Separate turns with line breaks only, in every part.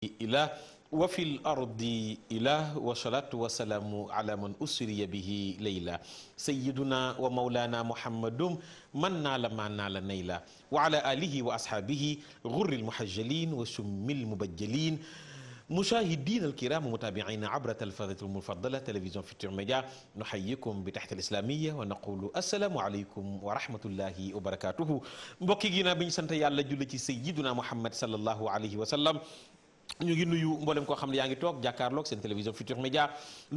إله وفي الأرض إله والصلاة والسلام على من أسري به ليلا سيدنا ومولانا محمد من نال ما نال نيلا وعلى آله وأصحابه غر المحجلين وسم المبجلين مشاهدين الكرام متابعين عبر تلفزة المفضلة تلفزيون فيتور ميديا نحييكم بتحت الإسلامية ونقول السلام عليكم ورحمة الله وبركاته مبكي جينا بن سنت يالا جولتي سيدنا محمد صلى الله عليه وسلم ñu ngi nuyu mboolem koo xam ne yaa ngi toog jàkkaarloog seen télévision Futur Média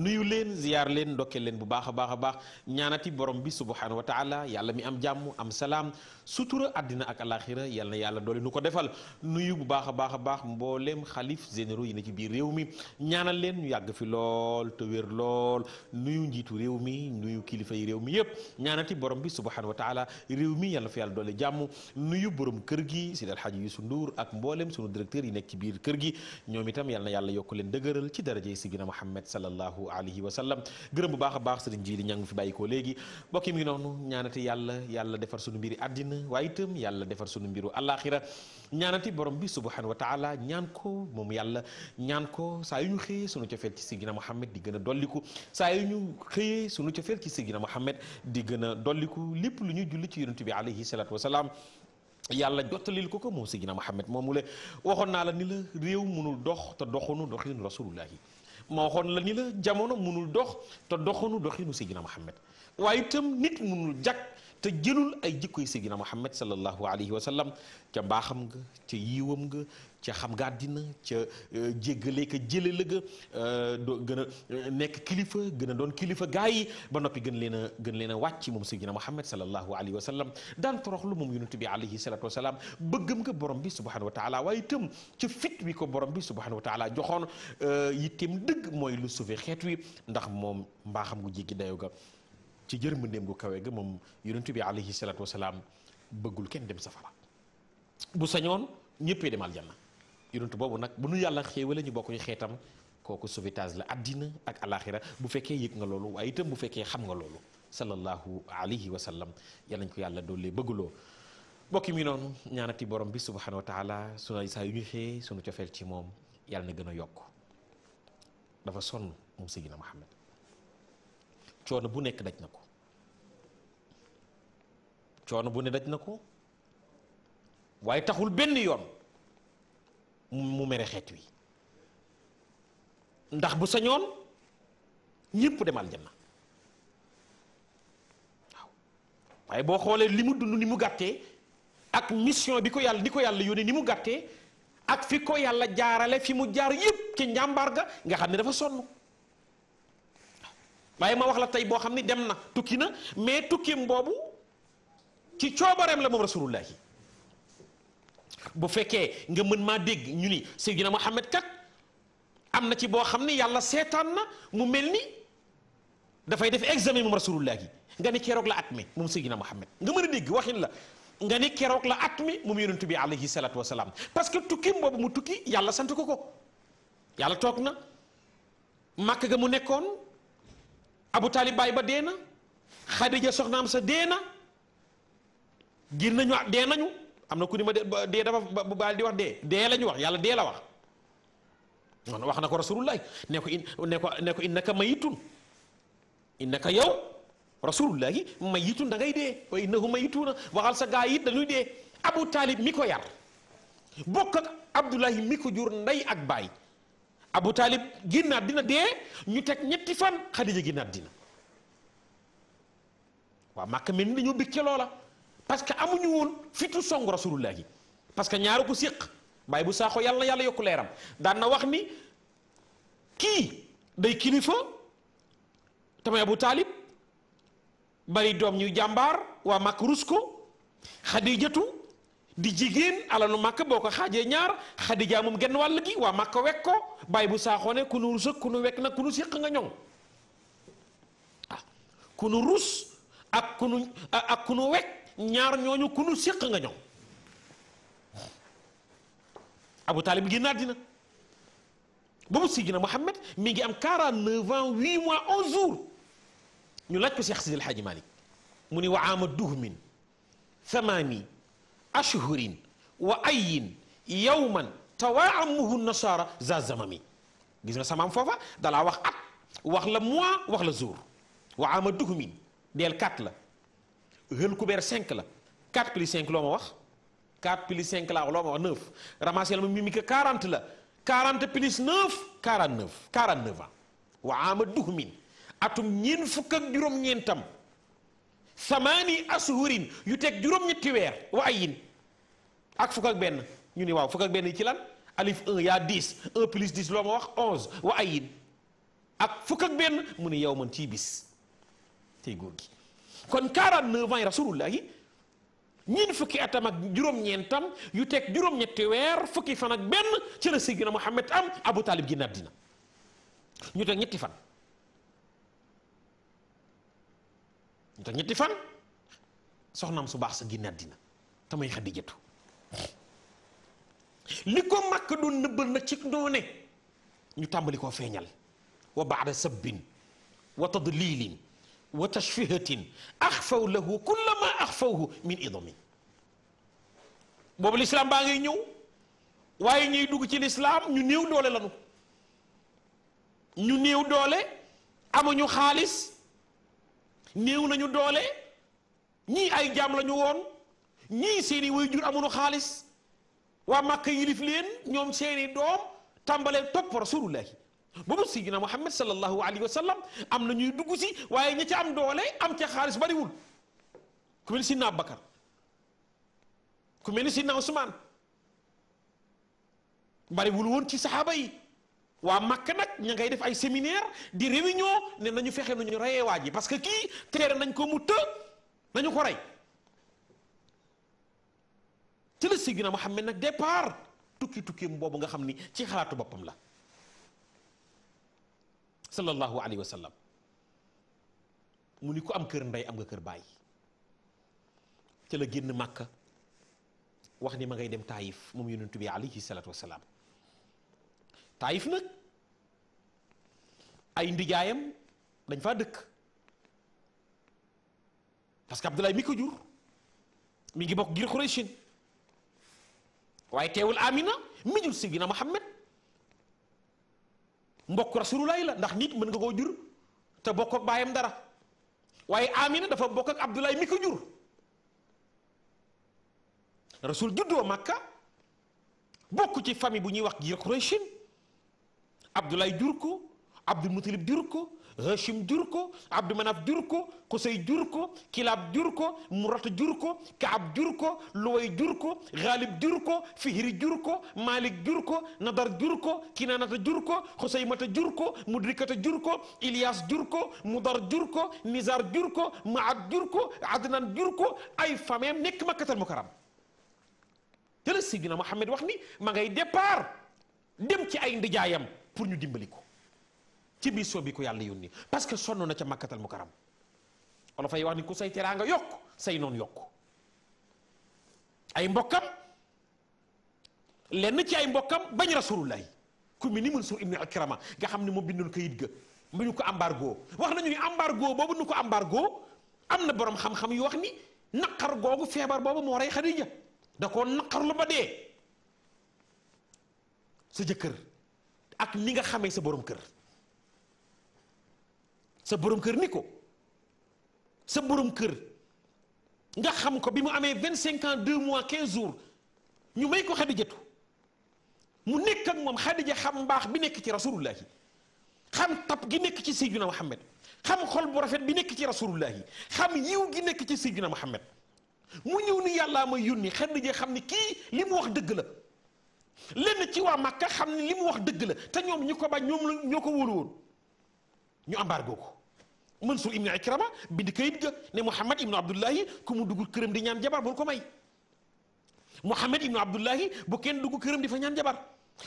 nuyu leen ziyaar leen ndokkee leen bu baax a baax a baax ñaanati borom bi subhanahu wa taala yàlla mi am jàmm am salaam sutura àddina ak alaxira yal na yàlla doole nu ko defal nuyu bu baax baax a baax mboolem xalif généraux yi na ci biir réew mi ñaanal leen ñu yàgg fi lool te wér lool nuyu njiitu réew mi nuyu kilifa yi réew mi yëpp ñaanati borom bi subhanahu wa taala réew mi yal na fi yàlla doole jàmm nuyu borom kër gi si El Hadji Youssou Ndour ak mboolem sunu directeur yi nekk ci biir kër gi ñoom itam yal na yàlla yokk leen dëgëral ci darajey Sidina Muhammad sallallahu alayhi wa sallam gërëm bu baax a baax sëriñ ji li ñangu fi bàyyikoo léegi mbokk mi ngi noonu ñaanati yàlla yàlla defar sunu mbiri àddina àddina waaye itam yàlla defar sunu mbiru àllaaxira ñaanati borom bi subhanahu wa taala ñaan ko moom yàlla ñaan ko saa yu ñu xëyee sunu cofeel ci Seydina Muhammad di gën a dolliku saa yu ñu xëyee sunu cofeel ci di gën a dolliku lépp lu ñuy julli ci yonent bi alayhi salaatu wasalaam yàlla jottalil ko ko moom Seydina Muhammad mu la waxoon naa la ni la réew mënul dox te doxunu doxinu rasulullahi ma waxoon la ni la jamono mënul dox te doxunu doxinu Seydina Muhammad waaye itam nit mënul jag te jëlul ay jikkoy Seydina Muhammad sallallahu alayhi wa sallam ca mbaaxam nga ca yiiwam nga ca xam nga àddina ca euh, jéggale ka jële la ga euh, doo gën a euh, nekk kilifa gën a doon kilifa gaa yi ba noppi gën leen a gën leen a wàcc moom Seydina Muhammad sallallahu alayhi sa sallam daan toroxlu moom yonent bi alayhi salatu wasalaam bëggam nga borom bi subhanahu wa taala waaye itam ca fit wi ko borom bi subhanahu wa taala joxoon yitteem dëgg mooy lu sauver xeet wi ndax moom mbaaxam gu jéggi dayo ga ci yërmandeem gu kawe ga moom yonent bi alayhi salaatu wasalaam bëggul kenn dem safara bu sañoon ñëppee demal aljanna yonent boobu nag bu nu yàlla xéewale ñu bokkuñu ñu xeetam kooku sauvetage la àddina ak alaxira bu fekkee yëg nga loolu waaye itam bu fekkee xam nga loolu sallallahu alayhi wa sallam yal nañ ko yàlla doole bëgguloo mbokk mi noonu ñaanati borom bi subhanahu wa taala sunu saa yu ñu xëyee sunu cofeel ci moom yàlla na gën a yokk dafa sonn moom Seydina coono bu nekk daj na ko coono bu ne daj na ko waaye taxul benn yoon mu mere xeet wi ndax bu sañoon ñépp dem aljanna waaw waaye boo xoolee li mu dund ni mu gàttee ak mission bi ko yàlla ni ko yàlla yónnee ni mu gàttee ak fi ko yàlla jaarale fi mu jaar yépp ci njàmbaar ga nga xam ne dafa sonn waaye ma wax la tey boo xam ni dem na tukki na mais tukkim boobu ci coobareem la moom rasulullahi bu fekkee nga mën maa dégg ñu ni Seydina Muhammad kat am na ci boo xam ni yàlla seetaan na mu mel ni dafay def examen moom rasulullahi nga ni keroog la at mi moom Seydina Muhammad nga mën a dégg waxin la nga ni keroog la at mi moom yonentu bi alayhi salaatu wasalaam parce que tukkim boobu mu tukki yàlla sant ko ko yàlla toog na màkk ga mu nekkoon abu taalib baay ba dee na xadija soxnaam sa dee na ngir nañu dee nañu am na ku ni ma dee dafa bu baal di wax dee dee la ñu wax yàlla dee la wax noonu wax na ko rasulullah ne ko in ne ko ne ko innaka mayitun innaka yow rasulullahi mayitun da ngay dee wa innahu mayituuna waxal sa gaa yit dañuy dee abu taalib mi ko yar bokk ak abdullahi mi ko jur ndey ak baay Abu Talib génn dina dee ñu teg ñetti fan Xadija génn àddina waaw Màkka mel ni dañoo bég ca loola parce que amuñu woon fitu song rasulullah gi parce que ñaaru ko séq mbaay bu saaxoo yàlla yàlla yokku leeram daan na wax ni kii day kilifa tamay Abu Talib bari doom ñuy jàmbaar waa Màkka rus ko Xadijatu di jigéen alalu màkk boo ko xaajee ñaar xadijaa moom genn wàll gi waa màkk wekk ko bàyyi bu saaxoone ku nu ku nu wekk nag ku nu nga ñoŋ ah ku nu rus ak ku nu wekk ñaar ñooñu ku nu séq nga ñoŋ abu taalib génn àddina boobu na Muhammad mi ngi am 49 ans 8 mois 11 jour ñu laaj ko Cheikh Sidi El Hadj Malick mu ni wa ama duhmin thamani ashhurin wa ayyin yawman tawaamuhu nasara za zamami gis nga samaam foofa dalaa wax at wax la mois wax la jour wa ama duhumin deel 4 la hël kubeer 5 la 4 plus 5 loo ma wax 4 plus 5 laa loo ma wax 9 ramassel ma mimika 40 la 40 plus 9 49 49 ans wa ama duhumin atum ñeen fukk juróom-ñeentam samaani ashurin yu teg juróom-ñetti weer wa ayin ak fukk benn ñu ni waaw fukk benn ci lan alif 1 yaa 10 1 plus 10 loo ma wax 11 wa ayin ak fukk ak benn mu ne yow man ciy bis tey góor gi kon 49 ans yi rasulullahi ñin fukki atam ak juróom-ñeentam yu teg juróom-ñetti weer fukki fan ak benn ci la Seydina Muhammad am Abu Talib gi dina ñu teg ñetti fan. ñu tax ñetti fan soxnaam su baax sa génn àddina tamay Xadijatu li ko màkk doon nëbbal nag ci noone ñu tàmbali koo feeñal wa baada sabbin wa tadlilin wa tashfihatin axfaw lahu kulla ma axfawhu min idami boobu lislaam baa ngay ñëw waaye ñuy dugg ci lislaam ñu néew doole lanu ñu néew doole amuñu xaalis néew nañu doole ñii ay jaam lañu woon ñii seeni waajur amuñu xaalis waa Màkka yilif leen ñoom seeni doom tàmbalee topp rasulullahi boobu sayyidina Muhammad sallallahu alayhi wa am na ñuy dugg si waaye ña ca am doole am ci xaalis bariwul ku mel ni Sidna ku mel ni Sidna Usmaan bariwul woon ci saxaaba yi waa Makka nag ña ngay def ay séminaire di réunion ne nañu fexe nañu reyee waa ji parce que kii teere nañ ko mu të nañu ko rey ci la Seydina Muhammad nag départ tukki tukki boobu nga xam ni ci xalaatu boppam la sallallahu alayhi wa sallam mu ni ku am kër ndey am nga kër baay ci la génn Makka wax ni ma ngay dem Taayif moom yonentu bi alayhi salaatu wa salaam taayif nag ay ndijaayam dañ fa dëkk parce que Abdoulaye mi ko jur mi ngi bokk gir Qurayshin waaye teewul Amina mi jur Seydina Muhammad mbokk Rasulullaay la ndax nit mën nga koo jur te bokk ak baayam dara waaye Amina dafa bokk ak Abdoulaye mi ko jur Rasul juddoo Makka bokk ci famille bu ñuy wax gir Qurayshin Abdoulaye jur ko Abdul Mutalib jur ko Hachim jur ko Abdou Manaf jur ko Xusay jur ko Kilaab jur ko Murata jur ko Kaab jur ko Luway jur ko Xaalib jur ko Fihri jur ko Malik jur ko Nadar jur ko Kinaanata jur ko Xusaymata jur ko Mudrikata jur ko Ilyas jur ko Mudar jur ko Nizar jur ko Maad jur ko Adnan jur ko ay fameem nekk Makkatal Mukarram te la Sidina Muhammad wax ni ma ngay départ dem ci ay ndijaayam pour ñu dimbali ko ci mission bi ko yàlla yónni parce que sonn na ca makkatal mu karam wala wax ni ku say teraanga yokk say noon yokk ay mbokkam lenn ci ay mbokkam bañ rasulullahi ku mi ni mun sur ibnu akrama nga xam ne moo bindoon kayit ga mu ñu ko embargo wax nañu ni embargo boobu nu ko embargo am na borom xam-xam yu wax ni naqar googu feebar boobu moo rey Xadija da koo naqar lu ba dee sa jëkkër ak ni nga xamee sa borom kër sa borom kër ni ko sa borom kër nga xam ko bi mu amee vingt cinq ans deux mois quinze jours ñu may ko xadijatu mu nekk ak moom xadija xam mbaax bi nekk ci rasulullah yi xam tab gi nekk ci sayyidina muhammad xam xol bu rafet bi nekk ci rasulullah yi xam yiw gi nekk ci sayyidina muhammad mu ñëw ni yàllaa ma yónni xadija xam ni kii li mu wax dëgg la lenn ci waa Makka xam ne li wax dëgg la te ñoom ñu ko bañ ñoom la ñoo ko wóolu woon ñu embargo ko Mansour ibnu Ikrama bind kayit ga ne Mouhamed ibnu Abdullahi ku mu dugg këram di ñaan jabar bul ko may Mouhamed ibnu Abdullahi bu kenn dugg këram di fa ñaan jabar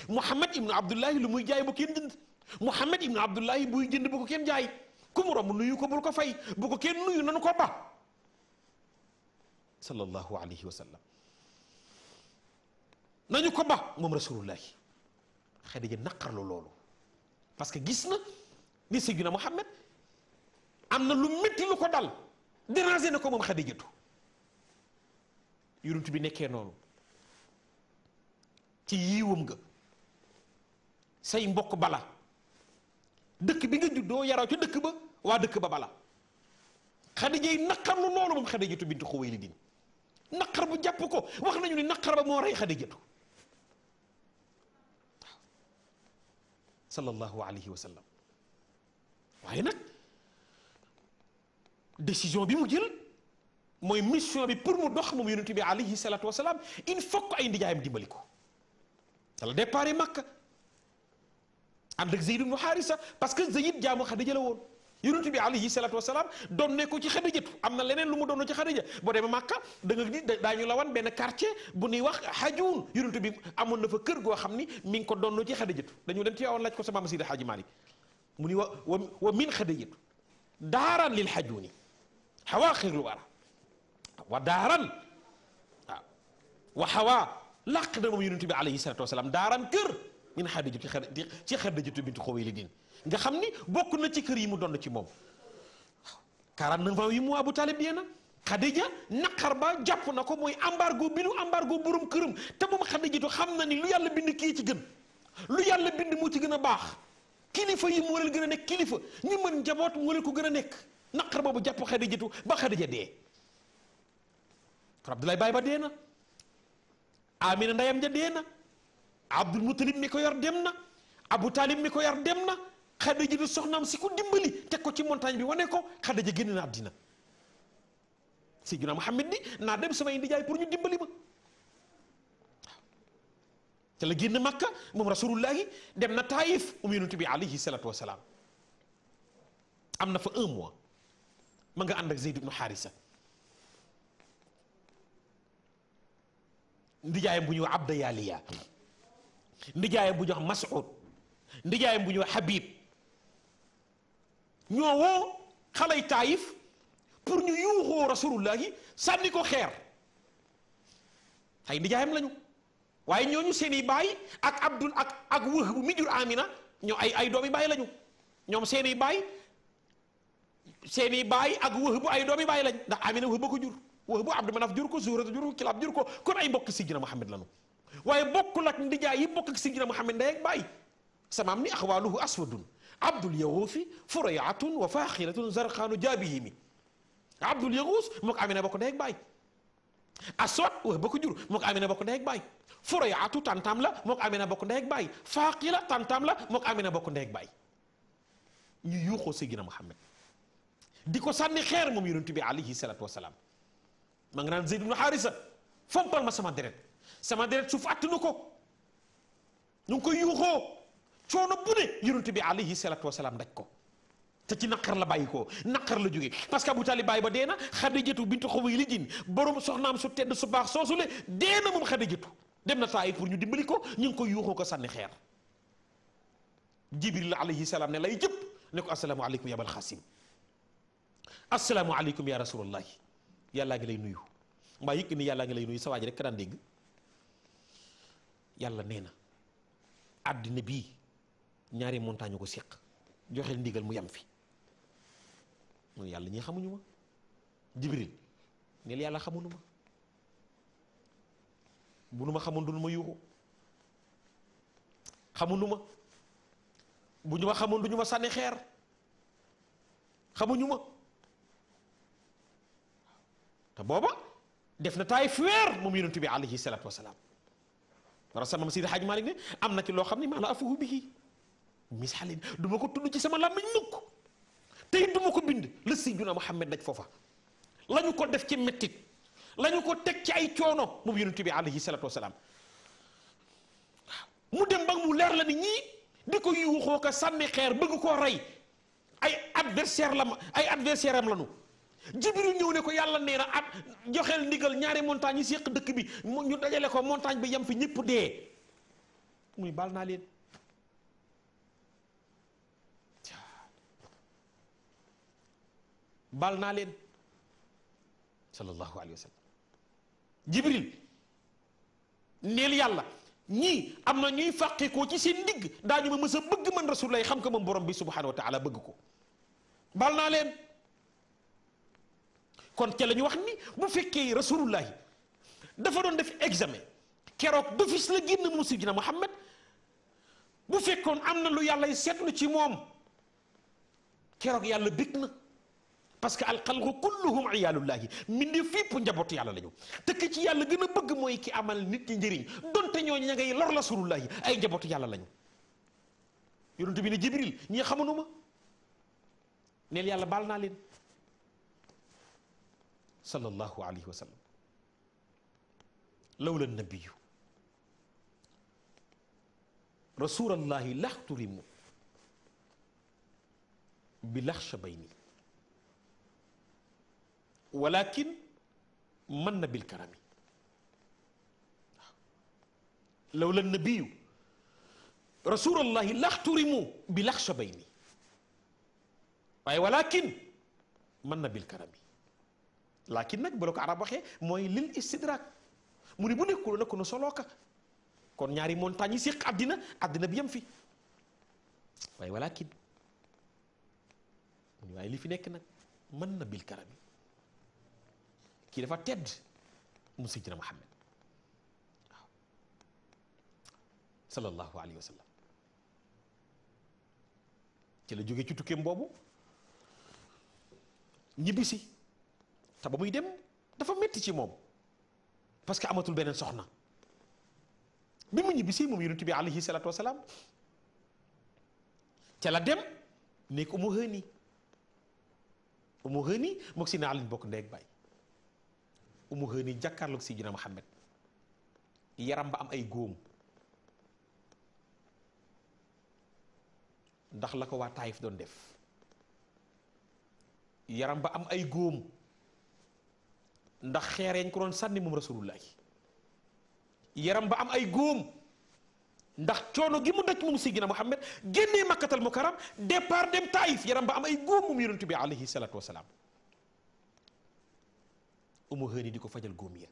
Mouhamed ibnu Abdullahi lu muy jaay bu kenn jënd Mouhamed ibnu Abdullahi buy jënd bu ko kenn jaay ku mu romb nuyu ko bul ko fay bu ko kenn nuyu nanu ko ba sallallahu alayhi wa sallam. nañu ko ba moom rasulullahi Xadija naqarlu loolu parce que gis na ni Seydina Muhammad am na lu métti lu ko dal dérangé na ko moom Xadijatu yonent bi nekkee noonu ci yiiwam nga say mbokk bala dëkk bi nga juddoo yaroo ca dëkk ba waa dëkk ba bala Xadija yi naqarlu loolu moom Xadijatu bintu Xuwaylidin naqar bu jàpp ko wax nañu ni naqar ba moo rey Xadijatu sallallahu alayhi wa sallam waaye nag décision bi mu jël mooy mission bi pour mu dox mu yonent bi alayhi salaatu wa salaam il faut que ay ndijaayam dimbali ko dala départ Makka ànd ak Zeyd ibnu Haarisa parce que Zeyd jaamu Xadiija la woon. yonent bi alayhi salaatu wasalaam doon ne ko ci xadijatu am na leneen lu mu doon ci xadija boo demee màkka da nga di daañu la benn quartier bu ñuy wax xajuun yonent bi amoon na fa kër goo xam ni mi ngi ko doon ci xadijatu dañu dem ci waawoon laaj ko sama maam Seydi Xaaji Maalik mu ni wa wa wa min xadijatu daaran lil xajuuni xawaaxir lu wara wa daaran waaw wa xawaa làq na moom yonent bi alayhi salaatu wasalaam daaran kër min xadijatu ci xadijatu bintu Xuwaylid nga xam ni bokk na ci kër yi mu donn ci moom waaw 49 ans yi mu Abu Talib dee na Khadija naqar ba jàpp na ko mooy embargo bilu nu embargo borom këram te moom Khadijatu xam na ni lu yàlla bind kii ci gën lu yàlla bind moo ci gën a baax kilifa yi moo leen gën a nekk kilifa ñi mën njaboot moo leen ko gën a nekk naqar boobu jàpp Khadijatu ba Khadija dee kon Abdoulaye Baye ba dee na Amina ndeyam ja dee na Abdul Muttalib mi ko yor dem na Abu Talib mi yor dem na Xadija di soxnaam si ko dimbali teg ko ci montagne bi wane ko Xadija génn na àddina Seydina Muhammad ni naa dem samay ndijaay pour ñu dimbali ma te la génn Makka moom rasulullahi dem na Taayif um yonent bi alayhi salaatu wasalaam am na fa un mois ma nga ànd ak Zeyd ibnu Xaarisa ndijaayam bu ñu wax Abda Yaaliya ndijaayam bu ñu wax Mas'ud ndijaayam bu ñu wax Habib ñoo woo xalay taayif pour ñu yuuxoo rasulullahi sànni ko xeer ay nijaayam lañu waaye ñooñu seen i baay ak abdul ak ak wëh bu mi jur amina ñoo ay ay doomi baay lañu ñoom seen i baay seen i baay ak wëh bu ay doomi baay lañ ndax amina wëh ko jur wëh bu abdu manaf jur ko suuratu jur ko kilaab jur ko kon ay mbokk si gina muhammad lañu waaye bokkul ak ndijaay yi bokk ak si gina muhammad ndey ak baay samaam ni axwaaluhu aswadun abdul yahuusi furayatun wa faaxiratun zarqaanu jaabihimi abdul yahuus mook amina bokk baay aswad wax ba ko jur mook amina bokk baay furayatu tantam la mook amina bokk ndey ak baay faaqila la mook amina bokk ndey ak baay ñu yuuxoo Seydina Muhammad di ko sànni xeer moom yonent bi alayhi salaatu wasalaam ma nga naan Zeyd ibnu Haarisa fompal ma sama deret sama deret suuf coono bu ne yonent bi alayhi salaatu salaam daj ko te ci naqar la bàyyi ko naqar la jóge parce que Abu Talib bàyyi ba dee na Xadijatu bintu Xuwaylid borom soxnaam su tedd su baax soosu le dee na moom Xadijatu dem na Taayif pour ñu dimbali ko ñu ngi ko yuuxoo ko sànni xeer Jibril alayhi salaam ne lay jëpp ne ko asalaamualeykum ya Abal Xaasim asalaamualeykum ya rasulallahi yàllaa ngi lay nuyu mbaa yëg ni yàllaa ngi lay nuyu sa waa rek ka daan dégg yàlla na àddina bii. ñaari montagne ko séq joxel ndiggal mu yam fi mun yàlla ñi xamuñu ma jibril neel yàlla xamuñu ma bu nu ma xamoon du nu ma yuuxu xamuñu ma bu ñu ma xamoon du ñu ma sànni xeer xamuñu ma te booba def na taay weer moom yonentu bi alayhi salaatu wasalaam rasal mam Sidi Xaaj Maalik ne am na ci loo xam ne maanaam bi bihi misaalin du ko tudd ci sama làmmiñ mukk tey du ma ko bind la Seydina Muhammad daj foofa la ko def ci mettit la ko teg ci ay coono moom yonent bi alayhi salaatu wasalaam mu dem ba mu leer la ni ñii di ko yuuxoo ko sànni xeer bëgg koo rey ay adversaire la ma ay adversaire am lañu jibril ñëw ne ko yàlla nee na at joxeel ndigal ñaari montagne yi séq dëkk bi ñu dajale ko montagne bi yam fi ñëpp dee muy baal naa leen baal naa leen sallallahu alayhi wa sallam jibril neel yàlla ñii am na ñuy fàqikoo ci seen ndigg daañu ma mës a bëgg man rasulullah xam ko moom borom bi subhanahu wa taala bëgg ko baal naa leen kon ca la ñu wax ni bu fekkee rasulullahi dafa doon def examen keroog d'office la génn moom sidina Muhammad bu fekkoon am na lu yàlla seetlu ci moom keroog yàlla bég na parce que alxalqu kulluhum iyaalullahi mbindeef yëpp njabootu yàlla la ñu te ki ci yàlla gën a bëgg mooy ki amal nit ñi njëriñ donte ñooñu ña ngay lor la surullahi ay njabootu yàlla la ñu yonent bi ne jibril ñi xamanu ma yàlla baal naa leen sallallahu alayhi wa sallam lawla nabiyu rasulallahi laxturimu bi laxsha bayni walakin mën na bil karami waaw law la nabiyu rasulallahi laxturimu bi laxsha bay nii waaye walakin mën na bil karami laakin nag bu la ko arab waxee mooy lil istidrak mu ni bu nekkul nag ku nu solooka kon ñaari montagne yi séq àddina àddina bi yem fi waaye walakin mu ni waaye li fi nekk nag mën na bil karami kii dafa tedd mu sayyidina Muhammad waaw sallallahu alayhi wa sallam ci la jógee ci tukkeem boobu ñibbisi te ba muy dem dafa metti ci moom parce que amatul beneen soxna bi mu ñibbisi moom yonent bi alayhi salaatu wasalaam ca la dem nekk umu hëni umu hëni mook si naa leen bokk ndeeg bay umu xëy ni jàkkaarloog Sidina Muhammad yaram ba am ay góom ndax la ko waa Taayif doon def yaram ba am ay góom ndax xeer yañ ko doon sànni moom rasulullah yaram ba am ay góom ndax coono gi mu daj moom Sidina Muhammad génnee makkatal mukarram départ dem Taayif yaram ba am ay góom moom yonent bi alayhi salaatu wa salaam umu hëri di ko fajal góom ya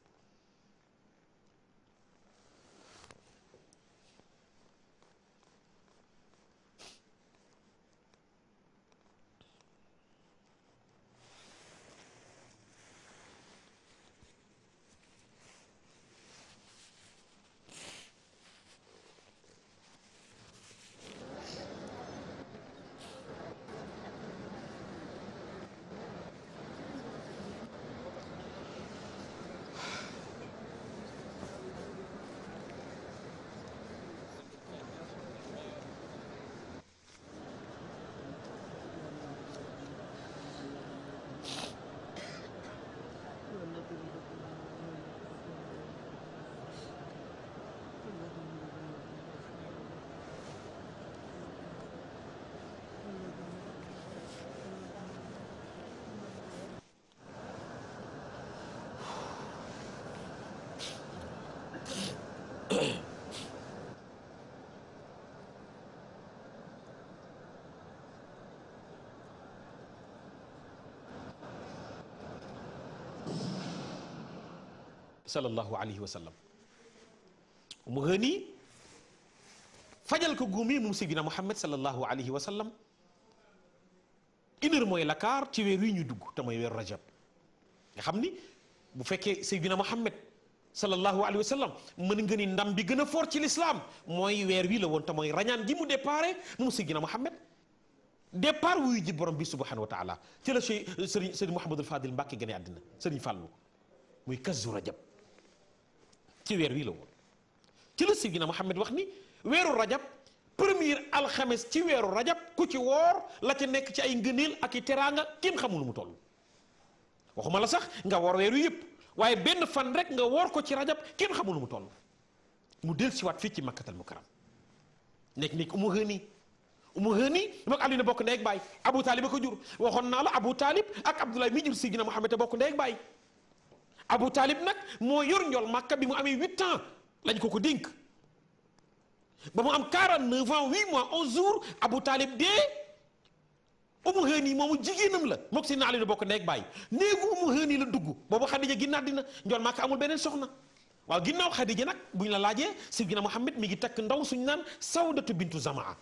sallallahu alayhi wa sallam mu gëni fajal ko gumi moom Seydina Muhammad sallallahu alayhi wa sallam une mooy lakaar ci weer wi ñu dugg te weer weeru rajab nga xam ni bu fekkee Seydina Muhammad sallallahu alayhi wa sallam mën nga ndam bi gën a fort ci lislaam mooy weer wi la woon te mooy rañaan gi mu départ moom Seydina Muhammad départ wuyu ji borom bi subhanahu wa taala ci la Sëriñ Sëriñ Mouhamadul Fadil Mbàkke gane àddina Sëriñ Fàllu muy kazu rajab ci weer wii la woon ci la Seydina Muhammad wax ni weeru rajab premier alxames ci weeru rajab ku ci woor la ca nekk ci ay ngëneel ak i teraanga kenn xamul lu mu toll waxuma la sax nga woor weeru yëpp waaye benn fan rek nga woor ko ci rajab kenn xamul mu toll mu del siwaat fii ci mu mukarram nekk nekk umu hëni umu hëni mook Aliou ne bokk ndey ak baay Abu Taalib a ko jur waxoon naa la Abu Taalib ak Abdoulaye mi jur Seydina Muhammad te bokk ndey ak baay Abu Talib nag moo yor njool Màkka bi mu amee huit ans lañ ko ko dénk ba mu am quarante neuf ans huit mois onze jours Abu Talib dee Umu Hani moomu jigéenam la mook Seydina Ali boo ko nekk bàyyi néegu Umu Hani la dugg boobu Xadija gi nàddina njool Màkka amul beneen soxna waaw ginnaaw Xadija nag bu ñu la laajee Seydina Muhammad mi ngi takk ndaw suñu naan Sawdatu bintu Zamaa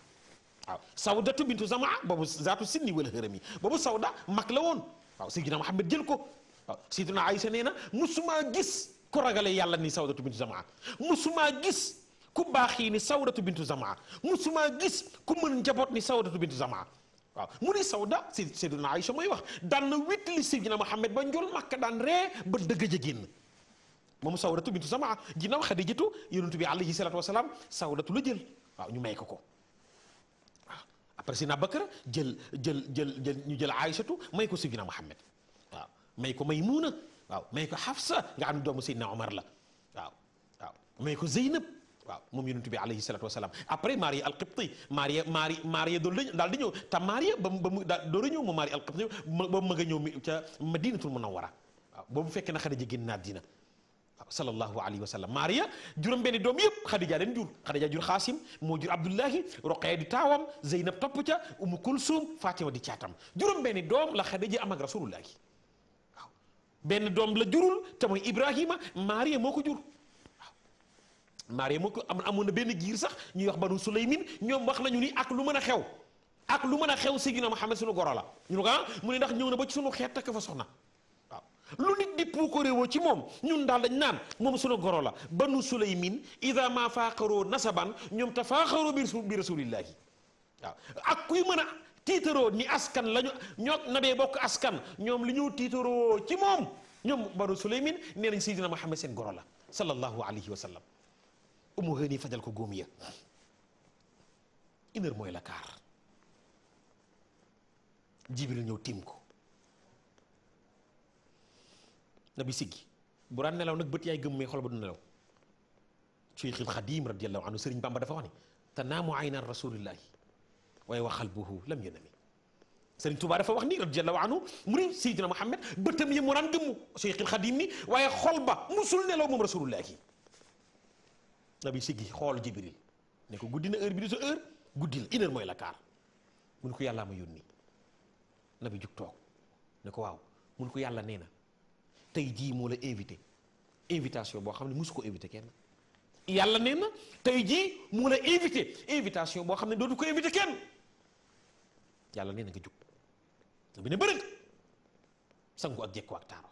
waaw Sawdatu bintu Zamaa boobu zaatu sinni wala xërëm yi boobu Sawda mag la woon waaw Seydina Muhammad jël ko. waaw na Aïcha nee na musumaa gis ku ragale yàlla ni Sawdatu bintu Zamaa musumaa gis ku baaxii ni Sawdatu bintu Zamaa musumaa gis ku mën njaboot ni Sawdatu bintu Zamaa waaw mu ni Sawda na Aïcha mooy wax daan na wétali Sayyidina Muhammad ba njool Makka daan ree ba dëgg ja génn moom Sawdatu bintu Zamaa ginnaaw Xadijatu yonent bi alayhi salaatu wasalaam Sawdatu la jël waaw ñu may ko ko waaw après Sayyidina Bakar jël jël jël jël ñu jël Aïchatu may ko Sayyidina Muhammad may ko Maymuuna waaw may ko Xafsa nga xam ne doomu Seydina Omar la waaw waaw may ko Zeynab waaw moom yonent bi alayhi salatu wasalaam après Maria al-Qibti Maria Maria Maria doolu la daal di ñëw te Maria ba mu ba mu daal doora ñëw moom Maria al-Qibti ba mu mag a ñëw ca Madinatul Munawwara waaw boobu fekkee na Xadija génn na àddina waaw sallallahu alayhi wa sallam Maria juróom benni doom yëpp Xadija leen jur Xadija jur Xaasim moo jur Abdullahi Roqaya di taawam Zeynab topp ca Umu Kulsum Fatima di caatam juróom benni doom la Xadija am ak Rasulullahi benn doom la jurul te mooy Ibrahima Maariya moo ko jur waaw Maariya moo ko am amoon na benn giir sax ñuy wax banu Sulaymin ñoom wax nañu ni ak lu mën a xew ak lu mën a xew xam Muhammad suñu goro la ñu ne ah, mu ne ndax ñëw na ba ci sunu xeet takk fa soxna waaw lu nit di puukareewoo ci moom ñun daal dañ naan moom suñu goro la banu Sulaymin ida ma faaxaroo nasaban ñoom tafaaxaroo bi rasulillaahi waaw ak kuy mën a tiitaroo ni askan lañu ñoo nabee bokk askan ñoom li ñu tiitaroo ci moom ñoom baru suleymin nee nañ seydina muhammad seen goro la sallallahu alayhi wa sallam umu fajal ko góom ya une heure mooy la kaar jibril ñëw tiim ko nabi siggi bu nelaw nag bët yaay gëm xol ba du nelaw Cheikhul Xadim radiyallahu anhu Sëriñ Bamba dafa wax ni tanaamu ayna rasulillahi waaye wa qalbuhu lam yanami Sëriñ Tuubaa dafa wax ni radiyallahu anhu mu ni Seydina Muhammad bëtam yi mu daan dëmm Cheikhul Xadim ni waaye xol ba nelaw moom rasulullah ki nabi xool Jibril ko guddi na heure bi du sa heure guddi la une mooy la kaar mun ko yàllaa ma yónni nabi toog ne ko waaw mun ko yàlla nee na tey jii moo la invité invitation boo xam ne mosu ko invité kenn yàlla nee na tey jii moo la invité invitation boo xam ne dootu ko invité kenn yàlla nee na nga jug mu ne bërëg sangu ak jekku ak taaro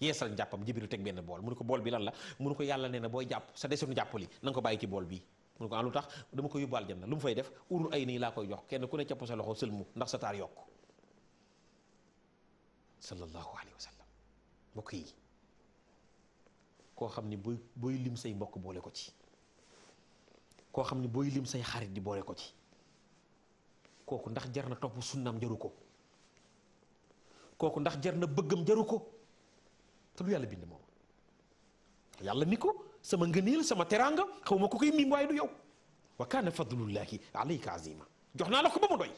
yeesal njàppam jibiru teg benn bool mu ko bool bi lan la mu ne ko yàlla nee na booy jàpp sa desenu jàpp li na ko bàyyi ci bool bii mu ko ah lu tax dama ko yóbbaal jëm na lu mu fay def urul ay nii laa koy jox kenn ku ne capp sa loxo sëlmu ndax sa taar yokk sallallahu alayhi wa mbokk yi koo xam ni booy booy lim say mbokk boole ko ci koo xam ni booy lim say xarit di boole ko ci kooku ndax jar na topp sunnaam jaru ko kooku ndax jar na bëggam jaru ko yàlla bind moom yàlla ni ko sama ngëneel sama teraanga xaw ma ko koy miim waaye du yow wa kaana fadlullahi alayka azima jox naa la ko ba mu doy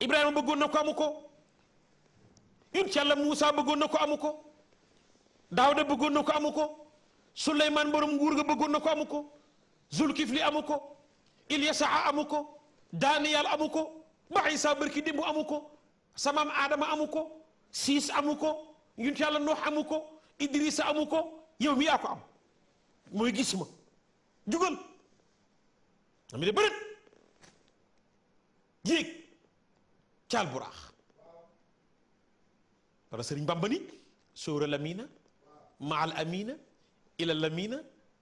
ibrahima bëggoon na ko amu ko incha bëggoon na ko amu ko Daawda bëggoon na ko amu ko Souleymane borom nguur nga bëggoon na ko amu ko Zulkifli amu ko Ilyasa amu daaniyal amu ko ba Isa barki dimbu amu ko samaam aadama amu ko siis amu ko yunt yàlla noox amu ko Idrissa amu ko yow mi yaa ko am mooy gis ma jugal am de bërët yéeg caal buraax dara sëriñ Bàmba lamina maa amina ila lamina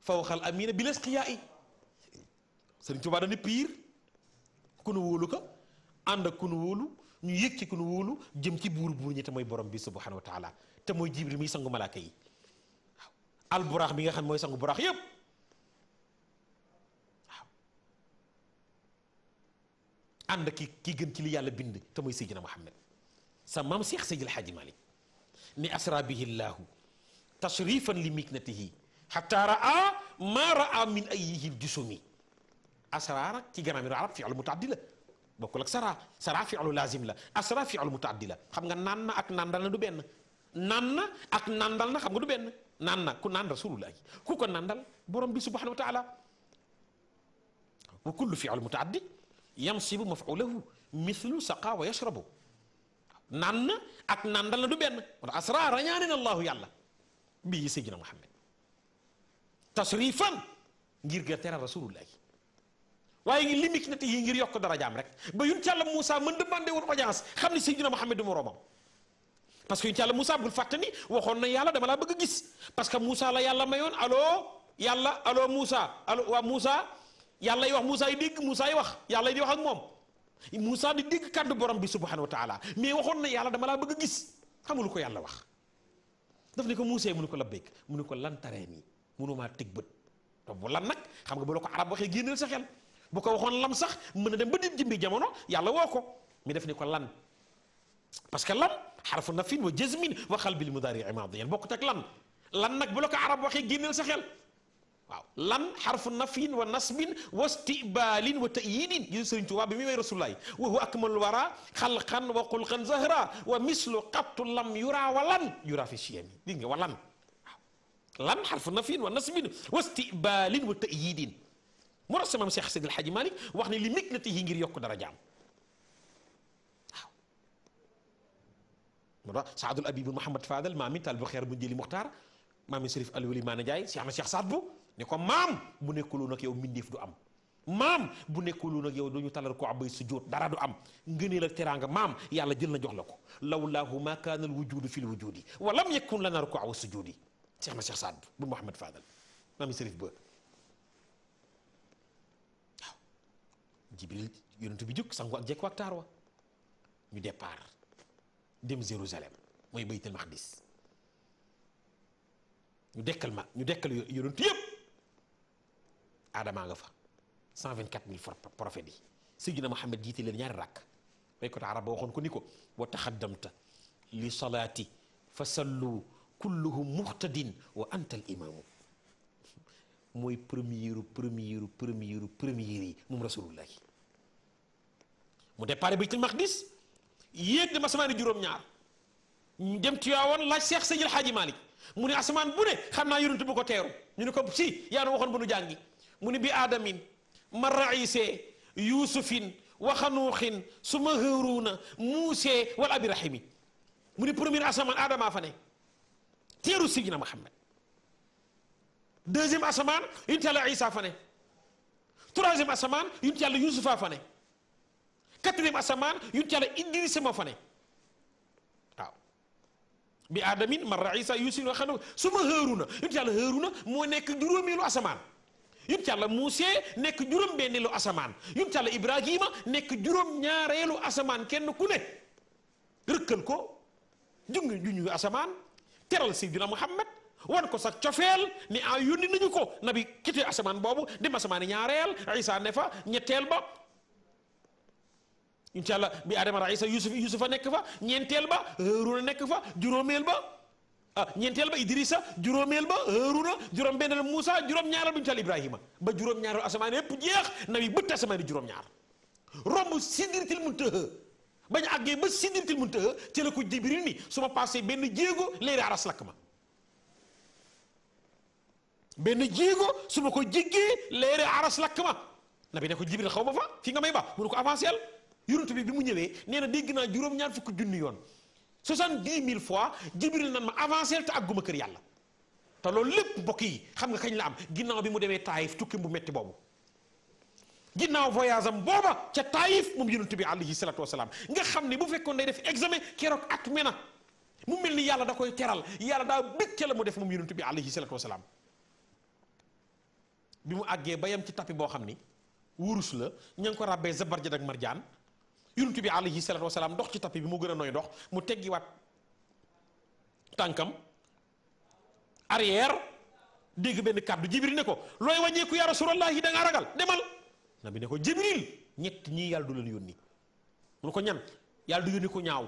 fawqa amina bil asqiyaa i sëriñ Tuubaa piir ku nu wóolu ko ànd ak ku wóolu ñu yëg ci ku nu wóolu jëm ci buur buur ñi te mooy borom bi subhanahu wa taala te mooy jibril muy sangu malaaka alburaax bi nga xam mooy sangu buraax yépp waaw ànd ki ki gën ci li yàlla bind te mooy Seydina Muhammad sa maam Cheikh Seydil Hadji Malick ni asra tashrifan li miknatihi xataa raa maa raa min ayihi ljusumi asra nag ci grammaire arab fi'lu mutaaddi la bokkul ak sara sara fi'lu laazim la asra fi'lu mutaaddi la xam nga naan na ak nandal na du benn naan na ak nandal na xam nga du benn naan na ku naan rasulullah ku ko nandal borom bi subhanahu wa taala wa kullu fi'lu mutaaddi yansibu maf'ulahu mithlu saqa wa yashrabu naan na ak nandal na du benn wala asra rañaane na allahu yàlla bii sayyidina Muhammad tasrifan ngir ga teral rasulullah waaye ngi limite yi ngir yokk darajaam rek ba yun ci yàlla Moussa mën demandé woon audience xam ne Seydina Mohamed parce que yun ci yàlla Moussa bul fàtte waxoon na yàlla dama laa bëgg a gis parce que Moussa la yàlla mayoon allo yàlla allo Moussa allo waa Moussa yàlla yi wax Moussa yi dégg wax yàlla yi di ak moom Moussa di dégg kàddu borom bi subhanahu wa taala mais waxoon na yàlla dama laa bëgg a gis xamulu ko yàlla wax daf ne ko Moussa mu ne ko la labbeeg mu ne ko lan taree nii mënumaa teg bët te bu lan nag xam nga bu ko arab waxee génneel sa xel bu ko waxoon lam sax mën na dem ba dim jimbi jamono yàlla woo ko mi def ni ko lan parce que lan xarfu nafin wa jazmin wa xalbil mudaari maadiyan bokkut ak lan lan nag bu la ko arab waxee génneel sa xel waaw lan xarfu nafin wa nasbin wa stibaalin wa tayidin yi sëriñ Tuubaa bi muy way rasulullaay wa huwa akmalul wara xalqan wa xulqan zahra wa mislu qattu lam yura wa lan yura fi siyami dégg nga wa lan waaw lan xarfu nafin wa nasbin wa stibaalin wa tayidin moo tax sama Cheikh Seydil Hadji Malick wax ne li miklati yi ngir yokk dara jaam waaw. moo tax Saadul Abibu Mouhamad Fadel maami Tall bu xeer bu jëli Muxtaar maami Serif Aliou Ly Maana Ndiaye Cheikh na Cheikh Saad bu ne ko maam bu nekkuloon ak yow mbindeef du am. maam bu nekkuloon ak yow duñu talal ko abay sujjóot dara du am ngëneel ak teraanga maam yàlla jël na jox la ko lawlaahu ma kaana al wujudu fi l wujudi wa lam yakun lana rukuu'u wa sujudi Cheikh na Cheikh Saad bu Mouhamad Fadel maami Serif ba. jibril yonentu bi jóg sangu ak jekku ak taar wa ñu départ dem Jérusalem mooy baytul maxdis ñu dekkal ma ñu dekkal yonentu yëpp aadamaa nga fa 124000 prophètes yi sayyidina Muhammad jiite leen ñaari rakk way ko arab ba waxoon ko ni ko wa taxaddamta li salaati fa sallu kulluhum muxtadin wa anta al imaamu mooy premieru premieru premieru première yi moom rasulullah mu départ baytul maqdis yéeg dem asamaan yi juróom-ñaar dem Tiwaawan laaj Seex Seydi El Hadji Malick mu ne asamaan bu ne xam naa yonent bu ko teeru ñu ne ko si yaa nu waxoon bu nu jàngi mu ne bi aadamin ma raisee yuusufin wa xanuuxin suma hëruuna muusee wal abi rahimi mu ne premier asamaan aadamaa fa teeru Seydina Muhammad deuxième asamaan yonent yàlla Isa yàlla Yuusufa fa quatrième asamaan yonent yàlla Idrissa moo fa ne waaw bi aadamin marra isa yusin wa xanoo su ma xëru na yonent yàlla xëru moo nekk juróomeelu asamaan yonent yàlla Muuse nekk juróom-benneelu asamaan yonent yàlla Ibrahima nekk juróom-ñaareelu asamaan kenn ku ne rëkkal ko junj junj asamaan teral Seydina Muhammad wan ko sax cofeel ni a ah, yónni nañu ko nabi kite asamaan boobu dem asamaan ñaareel isa ne fa ñetteel ba incha allah bi Adama raisa Yusuf Yusufa nekk fa ñeenteel ba Haruna nekk fa juróomeel ba ah ñeenteel ba Idrissa juróomeel ba Haruna juróom-benneel Moussa juróom-ñaaral bu ñu tal Ibrahima ba juróom-ñaaral asamaan yëpp jeex na wi bëtt asamaan juróom-ñaar romb Sidratil Muntaha bañ àggee ba Sidratil Muntaha ci la ko Jibril ni su ma passé benn jéego léegi aras lakk ma. benn jéego su ma ko jéggee léere aras lakk ma nabi ne ko jibril xaw ma fa fi nga may ba mu ko avancel yonent bi bi mu ñëwee nee na dégg naa juróom ñaan fukki junni yoon soixante-dix mille fois jibril nan ma avancé te àgguma kër yàlla te loolu lépp bokk yi xam nga kañ la am ginnaaw bi mu demee taayif tukki bu metti boobu ginnaaw voyage am booba ca taayif moom yonent bi alayhi salatu wasalaam nga xam ne bu fekkoon day def examen keroog at me na mu mel ni yàlla da koy teral yàlla daa bëgg ca la mu def moom yonent bi alayhi salatu wasalaam bi mu àggee bayam ci tapi boo xam ni wurus la ña ngi ko ràbbee zabarjad ak marjaan yonent bi alayhi salaatu wasalaam dox ci tapis bi mu gën a nooy dox mu teggiwaat tànkam arrière dégg benn kàddu jibril ne ko looy wàññeeku yaa rasulallahi da ngaa ragal demal nabi ne ko jibril ñett ñi yàlla du leen yónni mun ko ñan yàlla du yónni ko ñaaw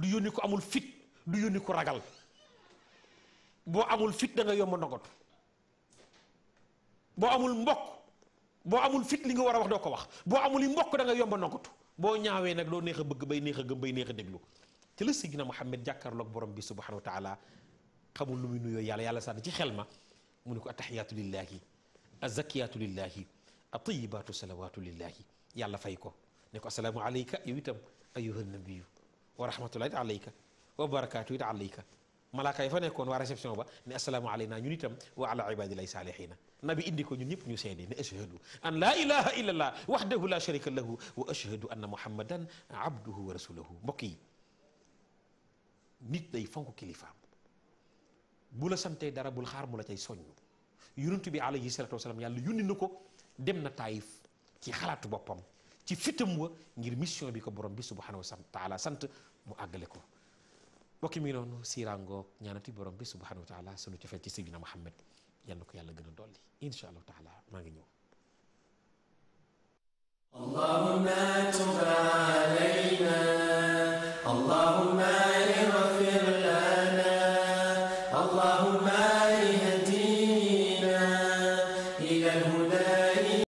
du yónni ko amul fit du yónni ko ragal boo amul fit da nga yomb ndogotu boo amul mbokk boo amul fit li nga war a wax doo ko wax boo amul i mbokk da nga yomb ndogotu boo ñaawee nag loo neex a bëgg bay neex a gëm bay neex a déglu ci la Seydina Muhammad jàkkaarloog borom bi subhanahu wa taala xamul lu muy nuyoo yàlla yàlla sànni ci xel ma mu ni ko attaxiyaatu lillahi azakiyaatu lillahi atayibaatu salawaatu lillahi yàlla fay ko ne ko asalaamu aleyka yow itam ayuha nabiyu wa rahmatullahi alayka wa barakaatu it alayka malaakaay fa nekkoon waa réception ba ne assalaamu alayna ñun itam wa ala ibadillahi saalihiina nabi indi ko ñun ñëpp ñu seede ne ashhadu an laa ilaha illa allah wahdahu la sharika lahu wa ashhadu anna muhammadan abduhu wa rasuluhu mbokk yi day fonk kilifaam bu santee dara bul xaar mu la cay soññu yonent bi alayhi salatu wasalaam yàlla yónni na ko dem na taayif ci xalaatu boppam ci fitam ngir mission bi ko borom bi subhanahu wa taala sant mu àggale ko mbokki mi ngi noonu siiraangoog ñaanati borom bi subhanahu wa taala sunu cofeel ci Seydina Muhammad yal na ko yàlla gën a dolli incha allahu taala maa ngi ñëw